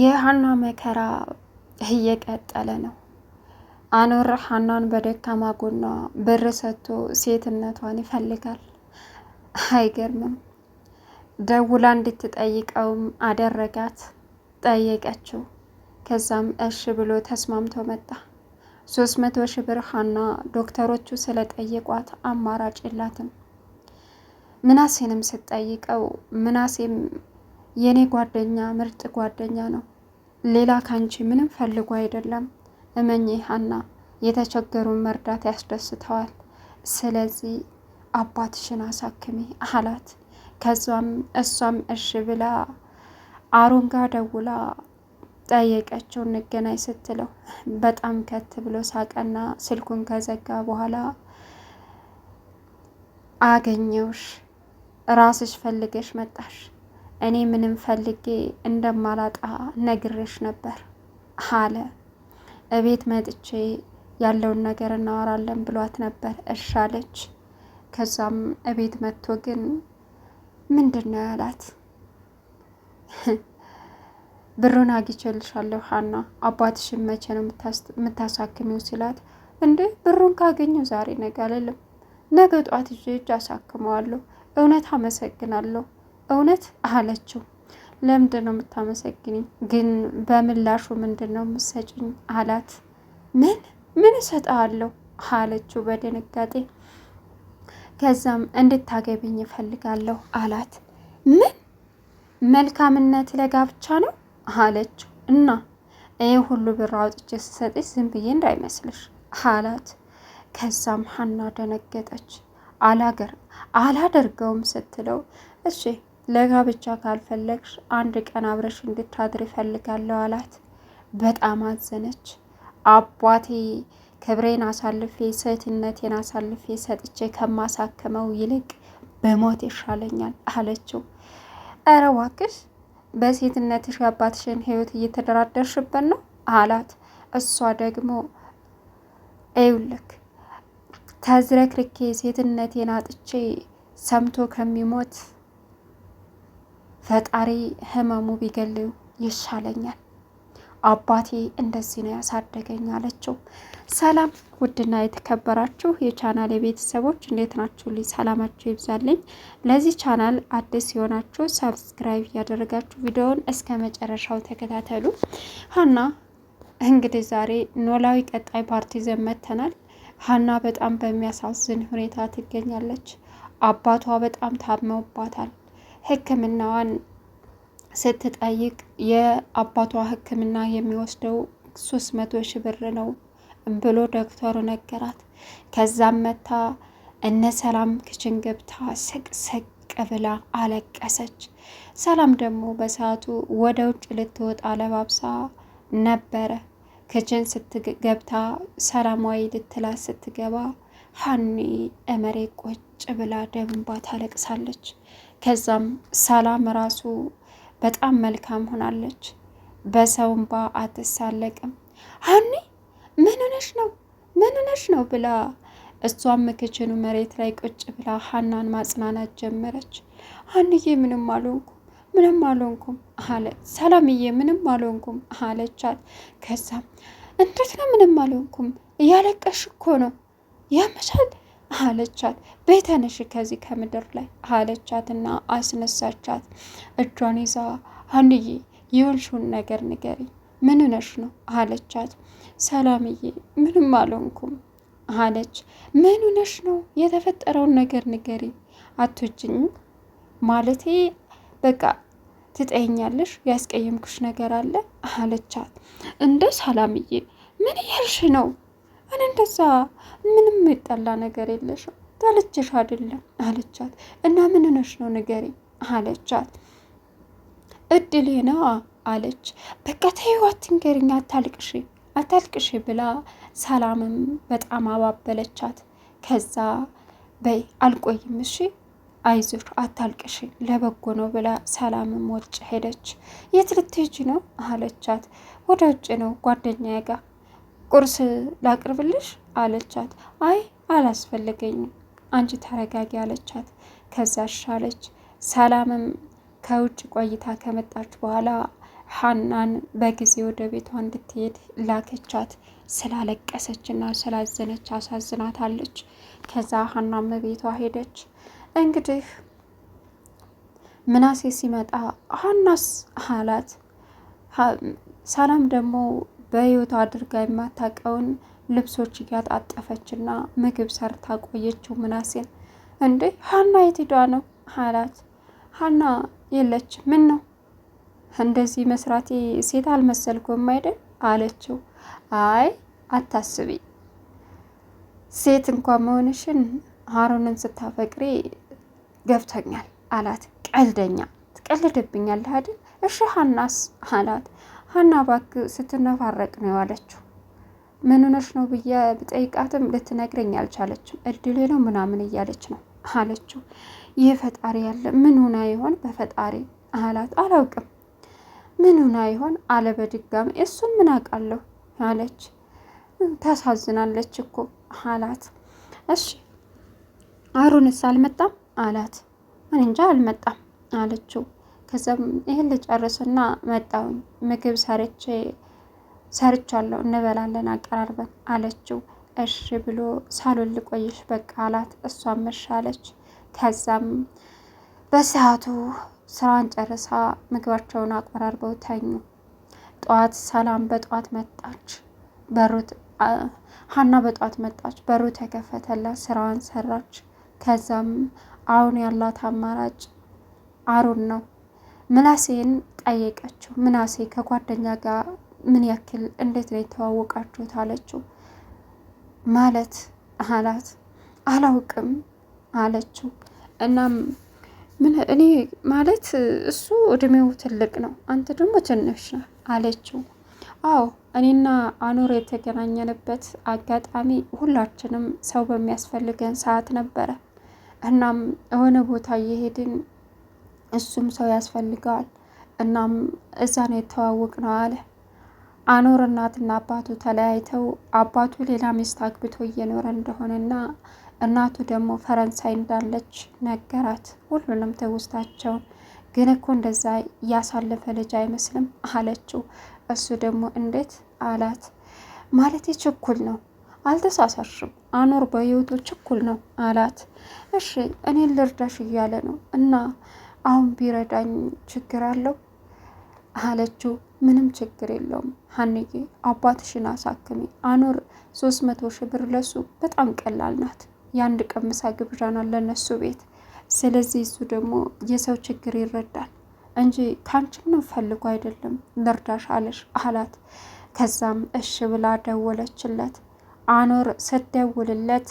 የሀና መከራ እየቀጠለ ነው። አኖር ሀናን በደካማ ጎኗ ብር ሰጥቶ ሴትነቷን ይፈልጋል። አይገርምም። ደውላ እንድትጠይቀውም አደረጋት። ጠየቀችው። ከዛም እሺ ብሎ ተስማምቶ መጣ። ሶስት መቶ ሺ ብር ሀና ዶክተሮቹ ስለጠየቋት አማራጭ የላትም። ምናሴንም ስትጠይቀው ምናሴም የእኔ ጓደኛ ምርጥ ጓደኛ ነው። ሌላ ካንቺ ምንም ፈልጎ አይደለም። እመኝ ሀና፣ የተቸገሩን መርዳት ያስደስተዋል። ስለዚህ አባትሽን አሳክሚ አላት። ከዛም እሷም እሺ ብላ አሮን ጋር ደውላ ጠየቀችው እንገናኝ ስትለው በጣም ከት ብሎ ሳቀና ስልኩን ከዘጋ በኋላ አገኘውሽ፣ ራስሽ ፈልገሽ መጣሽ እኔ ምንም ፈልጌ እንደማላጣ ነግሬሽ ነበር አለ። እቤት መጥቼ ያለውን ነገር እናወራለን ብሏት ነበር። እሺ አለች። ከዛም እቤት መጥቶ ግን ምንድን ነው ያላት? ብሩን አግኝቼልሻለሁ ሀና፣ አባትሽን መቼ ነው የምታሳክሚው ሲላት፣ እንዴ ብሩን ካገኘው ዛሬ ነገ አልልም፣ ነገ ጧት ይዤ እጅ አሳክመዋለሁ። እውነት አመሰግናለሁ እውነት አለችው። ለምንድን ነው የምታመሰግንኝ? ግን በምላሹ ምንድን ነው የምትሰጭኝ አላት። ምን ምን እሰጠዋለሁ? አለችው በድንጋጤ። ከዛም እንድታገቢኝ እፈልጋለሁ አላት። ምን መልካምነት ለጋብቻ ነው አለችው። እና ይህ ሁሉ ብር አውጥቼ ስሰጥሽ ዝም ብዬ እንዳይመስልሽ አላት። ከዛም ሀና ደነገጠች። አላገር አላደርገውም ስትለው እሺ ለጋብቻ ካልፈለግሽ አንድ ቀን አብረሽ እንድታድር ይፈልጋለሁ አላት። በጣም አዘነች። አባቴ ክብሬን አሳልፌ ሴትነቴን አሳልፌ ሰጥቼ ከማሳከመው ይልቅ በሞት ይሻለኛል አለችው። እረ እባክሽ በሴትነትሽ የአባትሽን ህይወት እየተደራደርሽበት ነው አላት። እሷ ደግሞ ይውልክ ተዝረክርኬ ሴትነቴን አጥቼ ሰምቶ ከሚሞት ፈጣሪ ህመሙ ቢገልም ይሻለኛል፣ አባቴ እንደዚህ ነው ያሳደገኝ አለችው። ሰላም ውድና የተከበራችሁ የቻናል የቤተሰቦች እንዴት ናችሁ? ልኝ ሰላማችሁ ይብዛልኝ። ለዚህ ቻናል አዲስ የሆናችሁ ሰብስክራይብ እያደረጋችሁ ቪዲዮውን እስከ መጨረሻው ተከታተሉ። ሀና እንግዲህ ዛሬ ኖላዊ ቀጣይ ፓርቲ ዘመተናል። ሀና በጣም በሚያሳዝን ሁኔታ ትገኛለች። አባቷ በጣም ታመውባታል። ህክምናዋን ስትጠይቅ የአባቷ ህክምና የሚወስደው ሶስት መቶ ሺ ብር ነው ብሎ ዶክተሩ ነገራት። ከዛም መታ እነ ሰላም ክችን ገብታ ሰቅሰቅ ብላ አለቀሰች። ሰላም ደግሞ በሰዓቱ ወደ ውጭ ልትወጣ ለባብሳ ነበረ። ክችን ስትገብታ ሰላማዊ ልትላት ስትገባ ሀኒ እመሬ ቁጭ ብላ ደብንባ ታለቅሳለች። ከዛም ሰላም ራሱ በጣም መልካም ሆናለች። በሰው ባ አትሳለቅም። ሀኒ ምን ሆነሽ ነው? ምን ሆነሽ ነው ብላ እሷም ክችኑ መሬት ላይ ቁጭ ብላ ሀናን ማጽናናት ጀመረች። ሀንዬ ምንም አልሆንኩም ምንም አልሆንኩም አለ ሰላምዬ። ምንም አልሆንኩም አለቻት። ከዛም እንዴት ነው ምንም አልሆንኩም? እያለቀሽ እኮ ነው ያመሻል አለቻት። ቤተነሽ ከዚህ ከምድር ላይ አለቻትና አስነሳቻት። እጇን ይዛ አንድዬ የወልሹን ነገር ንገሪ፣ ምን ነሽ ነው አለቻት። ሰላምዬ ምንም አልሆንኩም አለች። ምን ነሽ ነው? የተፈጠረውን ነገር ንገሪ። አቶችኝ ማለቴ በቃ ትጠይኛለሽ፣ ያስቀየምኩሽ ነገር አለ አለቻት። እንደ ሰላምዬ ምን ያልሽ ነው እኔ እንደዛ ምንም የሚጠላ ነገር የለሽም ጠልቼሽ አይደለም አለቻት። እና ምን ነሽ ነው ንገሪ አለቻት። እድሌ ነ አለች። በቃ ተይው አትንገሪኝ፣ አታልቅሽ አታልቅሽ ብላ ሰላምም በጣም አባበለቻት። ከዛ በይ አልቆይም እሺ አይዞሽ አታልቅሽ ለበጎ ነው ብላ ሰላምም ወጭ ሄደች። የት ልትሄጂ ነው አለቻት። ወደ ውጭ ነው ጓደኛዬ ጋር ቁርስ ላቅርብልሽ አለቻት። አይ አላስፈለገኝም፣ አንቺ ተረጋጊ አለቻት። ከዛ ሻለች። ሰላምም ከውጭ ቆይታ ከመጣች በኋላ ሀናን በጊዜ ወደ ቤቷ እንድትሄድ ላከቻት። ስላለቀሰችና ስላዘነች አሳዝናታለች። ከዛ ሀናም ቤቷ ሄደች። እንግዲህ ምናሴ ሲመጣ ሀናስ አላት። ሰላም ደግሞ በህይወቷ አድርጋ የማታውቀውን ልብሶች እያጣጠፈችና ምግብ ሰርታ ቆየችው። ምናሴን እንዴ ሀና የት ነው አላት። ሀና የለች። ምን ነው እንደዚህ መስራቴ ሴት አልመሰልኩም አይደል አለችው። አይ አታስቢ፣ ሴት እንኳን መሆንሽን ሀሩንን ስታፈቅሪ ገብቶኛል አላት። ቀልደኛ ትቀልድብኛል አይደል? እሺ ሀናስ አላት። ሀና ባክ ስትነፋረቅ ነው የዋለችው። ምን ሆነሽ ነው ብዬ ብጠይቃትም ልትነግረኝ አልቻለችም። እድሌ ነው ምናምን እያለች ነው አለችው። ይህ ፈጣሪ ያለ ምን ሆና ይሆን በፈጣሪ አላት። አላውቅም ምን ሆና ይሆን አለ በድጋሚ። እሱን ምን አውቃለሁ አለች። ታሳዝናለች እኮ አላት። እሺ አሩንስ አልመጣም አላት። ምን እንጃ አልመጣም አለችው። ከዛም ይህን ልጨርስና መጣውኝ ምግብ ሰርቼ ሰርቻለሁ እንበላለን አቀራርበን አለችው። እሺ ብሎ ሳሎን ልቆይሽ በቃ አላት። እሷም እሺ አለች። ከዛም በሰዓቱ ስራዋን ጨርሳ ምግባቸውን አቀራርበው ተኙ። ጠዋት ሰላም በጠዋት መጣች። በሩት ሀና በጠዋት መጣች። በሩ ተከፈተላት። ስራዋን ሰራች። ከዛም አሁን ያላት አማራጭ አሩን ነው። ምናሴን ጠየቀችው። ምናሴ ከጓደኛ ጋር ምን ያክል እንዴት ነው የተዋወቃችሁት አለችው። ማለት አላት። አላውቅም አለችው። እናም እኔ ማለት እሱ እድሜው ትልቅ ነው፣ አንተ ደግሞ ትንሽ ነህ አለችው። አዎ እኔና አኖር የተገናኘንበት አጋጣሚ ሁላችንም ሰው በሚያስፈልገን ሰዓት ነበረ። እናም የሆነ ቦታ እየሄድን እሱም ሰው ያስፈልገዋል። እናም እዛ ነው የተዋወቅ ነው አለ አኖር። እናትና አባቱ ተለያይተው አባቱ ሌላ ሚስት አግብቶ እየኖረ እንደሆነና እናቱ ደግሞ ፈረንሳይ እንዳለች ነገራት። ሁሉንም ትውስታቸውን ግን እኮ እንደዛ ያሳለፈ ልጅ አይመስልም አለችው። እሱ ደግሞ እንዴት አላት። ማለት ችኩል ነው አልተሳሳሽም አኖር በህይወቱ ችኩል ነው አላት። እሺ እኔን ልርዳሽ እያለ ነው እና አሁን ቢረዳኝ ችግር አለው አለችው። ምንም ችግር የለውም ሀንዬ፣ አባትሽን አሳክሜ አኑር። ሶስት መቶ ሺ ብር ለሱ በጣም ቀላል ናት። የአንድ ቀን ምሳ ግብዣናል ለነሱ ቤት። ስለዚህ እሱ ደግሞ የሰው ችግር ይረዳል እንጂ ከአንቺም ነው ፈልጎ አይደለም ልርዳሽ አለሽ አላት። ከዛም እሽ ብላ ደወለችለት። አኑር ስደውልለት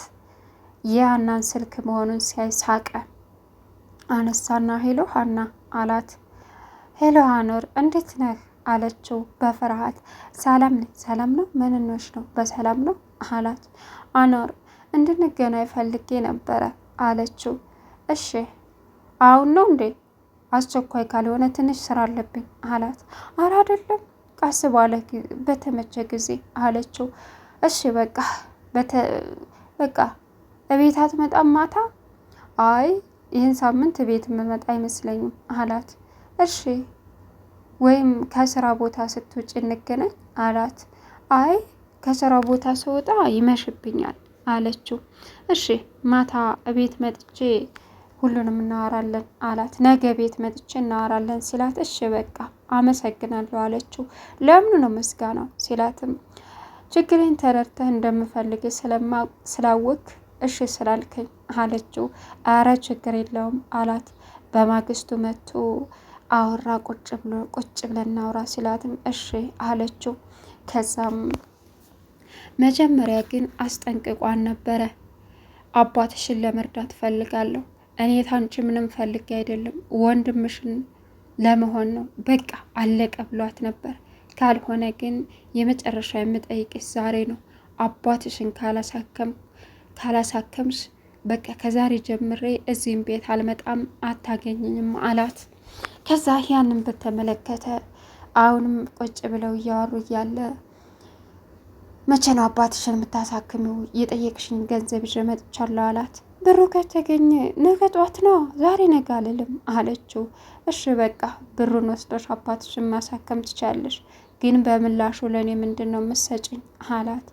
የሀናን ስልክ መሆኑን ሲያይ ሳቀ። አነሳና ሄሎ ሀና አላት። ሄሎ ሀኖር እንዴት ነህ አለችው በፍርሃት። ሰላም ነኝ። ሰላም ነው ምንኖች ነው በሰላም ነው አላት። አኖር እንድንገናኝ ፈልጌ ነበረ አለችው። እሺ አሁን ነው እንዴ? አስቸኳይ ካልሆነ ትንሽ ስራ አለብኝ አላት። አረ አይደለም ቀስ ባለ በተመቸ ጊዜ አለችው። እሺ በቃ በቃ እቤት አትመጣም ማታ? አይ ይህን ሳምንት ቤት የምመጣ አይመስለኝም አላት። እሺ ወይም ከስራ ቦታ ስትውጭ እንገናኝ አላት። አይ ከስራ ቦታ ስወጣ ይመሽብኛል አለችው። እሺ ማታ ቤት መጥቼ ሁሉንም እናወራለን አላት። ነገ ቤት መጥቼ እናወራለን ሲላት እሺ በቃ አመሰግናለሁ አለችው። ለምኑ ነው ምስጋናው ሲላትም ችግሬን ተረድተህ እንደምፈልግ ስላወቅ እሺ ስላልከኝ አለችው። አረ ችግር የለውም አላት። በማግስቱ መጥቶ አወራ። ቁጭ ብሎ ቁጭ ብለን እናውራ ሲላትም እሺ አለችው። ከዛም መጀመሪያ ግን አስጠንቅቋን ነበረ። አባትሽን ለመርዳት ፈልጋለሁ እኔ ታንቺ ምንም ፈልጌ አይደለም ወንድምሽን ለመሆን ነው በቃ አለቀ ብሏት ነበር። ካልሆነ ግን የመጨረሻ የምጠይቅሽ ዛሬ ነው አባትሽን ካላሳከምሽ በቃ ከዛሬ ጀምሬ እዚህም ቤት አልመጣም አታገኝኝም አላት። ከዛ ያንን በተመለከተ አሁንም ቆጭ ብለው እያወሩ እያለ መቼ ነው አባትሽን የምታሳክሚው? የጠየቅሽኝ ገንዘብ ይዤ መጥቻለሁ አላት። ብሩ ከተገኘ ነገ ጧት ነው ዛሬ ነገ አልልም አለችው። እሺ በቃ ብሩን ወስዶሽ አባትሽን ማሳከም ትቻለሽ፣ ግን በምላሹ ለእኔ ምንድን ነው የምትሰጪኝ አላት።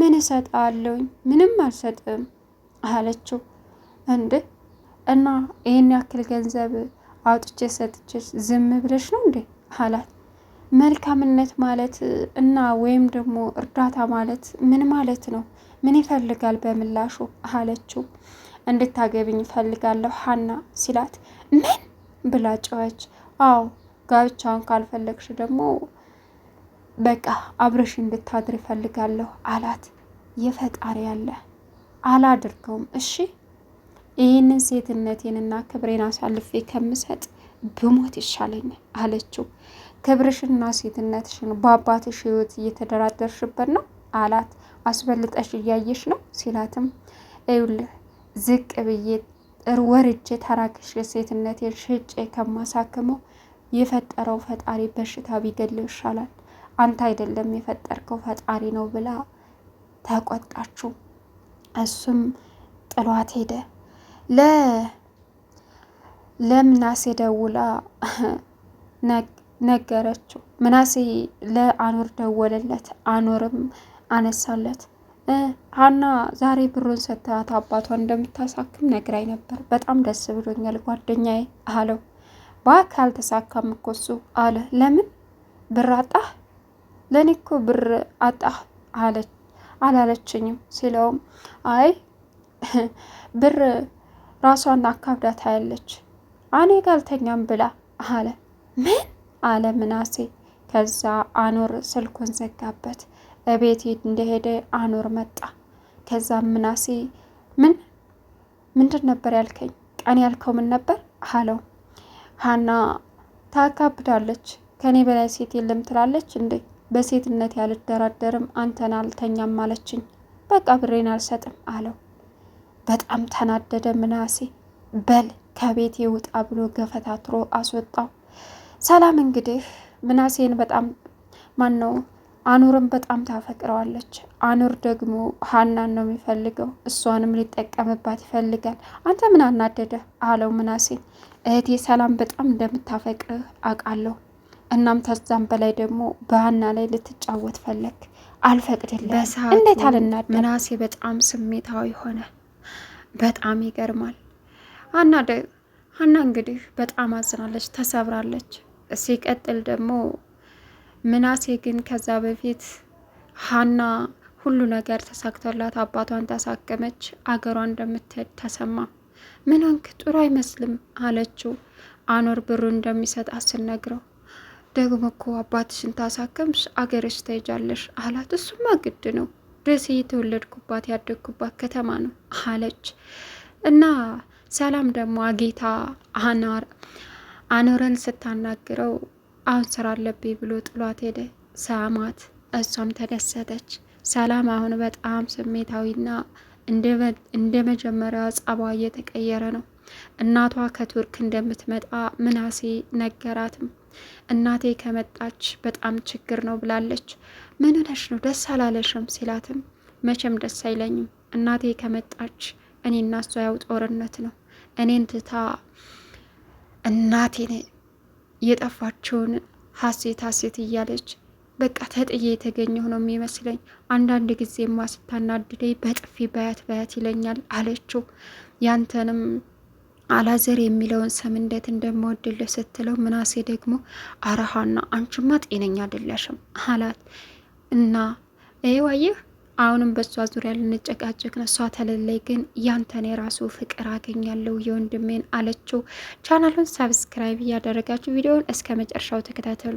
ምን እሰጥ አለውኝ ምንም አልሰጥም አለችው። እንዴ እና ይህን ያክል ገንዘብ አውጥቼ ሰጥቼ ዝም ብለሽ ነው እንዴ አላት። መልካምነት ማለት እና ወይም ደግሞ እርዳታ ማለት ምን ማለት ነው? ምን ይፈልጋል በምላሹ አለችው። እንድታገብኝ ፈልጋለሁ ሀና ሲላት ምን ብላ ጮኸች። አዎ ጋብቻውን ካልፈለግሽ ደግሞ በቃ አብረሽ እንድታድር ይፈልጋለሁ አላት። የፈጣሪ ያለህ አላድርገውም። እሺ ይህንን ሴትነቴንና ክብሬን አሳልፌ ከምሰጥ ብሞት ይሻለኛል አለችው። ክብርሽና ሴትነትሽን በአባትሽ ህይወት እየተደራደርሽበት ነው አላት። አስበልጠሽ እያየሽ ነው ሲላትም ይኸውልህ ዝቅ ብዬ ወርጄ ተራክሽ ሴትነቴን ሽጬ ከማሳክመው የፈጠረው ፈጣሪ በሽታ ቢገድለው ይሻላል። አንተ አይደለም የፈጠርከው ፈጣሪ ነው ብላ ተቆጣችው። እሱም ጥሏት ሄደ። ለ ለምናሴ ደውላ ነገረችው። ምናሴ ለአኖር ደወለለት። አኖርም አነሳለት። ሀና ዛሬ ብሩን ሰታት አባቷ እንደምታሳክም ነግራኝ ነበር። በጣም ደስ ብሎኛል ጓደኛዬ አለው። በአካል ተሳካም እኮ እሱ አለ። ለምን ብር አጣህ? ለእኔ እኮ ብር አጣህ አለች። አላለችኝም ሲለውም አይ ብር ራሷን አካብዳ ታያለች እኔ ጋር አልተኛም ብላ አለ። ምን አለ ምናሴ። ከዛ አኖር ስልኩን ዘጋበት። እቤት እንደሄደ አኖር መጣ። ከዛ ምናሴ ምን ምንድን ነበር ያልከኝ? ቀን ያልከው ምን ነበር አለው። ሀና ታካብዳለች፣ ከኔ በላይ ሴት የለም ትላለች እንዴ በሴትነት ያልደራደርም አንተን አልተኛም አለችኝ። በቃ ብሬን አልሰጥም አለው። በጣም ተናደደ ምናሴ። በል ከቤት ይውጣ ብሎ ገፈታትሮ አስወጣው። ሰላም እንግዲህ ምናሴን በጣም ማን ነው አኑርም በጣም ታፈቅረዋለች። አኑር ደግሞ ሀናን ነው የሚፈልገው፣ እሷንም ሊጠቀምባት ይፈልጋል። አንተ ምን አናደደ አለው ምናሴን። እህቴ ሰላም በጣም እንደምታፈቅርህ አውቃለሁ እናም ተዛም በላይ ደግሞ በሀና ላይ ልትጫወት ፈለግ አልፈቅድልህ። እንዴት ምናሴ በጣም ስሜታዊ ሆነ። በጣም ይገርማል። ሀና ሀና እንግዲህ በጣም አዝናለች፣ ተሰብራለች። ሲቀጥል ደግሞ ምናሴ ግን ከዛ በፊት ሀና ሁሉ ነገር ተሳክቶላት አባቷን ታሳከመች፣ አገሯ እንደምትሄድ ተሰማ። ምን ሆንክ? ጥሩ አይመስልም አለችው። አኖር ብሩ እንደሚሰጣት ስነግረው ደግሞ እኮ አባትሽን ታሳከምሽ አገርሽ ተይጃለሽ አላት። እሱማ ግድ ነው ደሴ የተወለድኩባት ያደግኩባት ከተማ ነው አለች። እና ሰላም ደግሞ አጌታ አኖረን ስታናግረው አሁን ስራ አለብኝ ብሎ ጥሏት ሄደ። ሰማት እሷም ተደሰተች። ሰላም አሁን በጣም ስሜታዊና እንደ መጀመሪያ ጸባዋ እየተቀየረ ነው። እናቷ ከቱርክ እንደምትመጣ ምናሴ ነገራትም። እናቴ ከመጣች በጣም ችግር ነው ብላለች። ምን ነው ደስ አላለሽም ሲላትም፣ መቼም ደስ አይለኝም እናቴ ከመጣች እኔ እና እሷ ያው ጦርነት ነው እኔን ትታ እናቴን የጠፋችውን ሀሴት ሀሴት እያለች በቃ ተጥዬ የተገኘሁ ነው የሚመስለኝ። አንዳንድ ጊዜማ ስታናድደኝ በጥፊ በያት በያት ይለኛል አለችው። ያንተንም አላዘር የሚለውን ስም እንዴት እንደምወድልህ ስትለው ምናሴ ደግሞ አረሃና አንችማ ጤነኛ አይደለሽም አላት እና ይኸው አሁንም በእሷ ዙሪያ ልንጨቃጨቅ ነው። እሷ ተለለይ ግን ያንተን የራሱ ፍቅር አገኛለሁ የወንድሜን አለችው። ቻናሉን ሳብስክራይብ እያደረጋችሁ ቪዲዮውን እስከ መጨረሻው ተከታተሉ።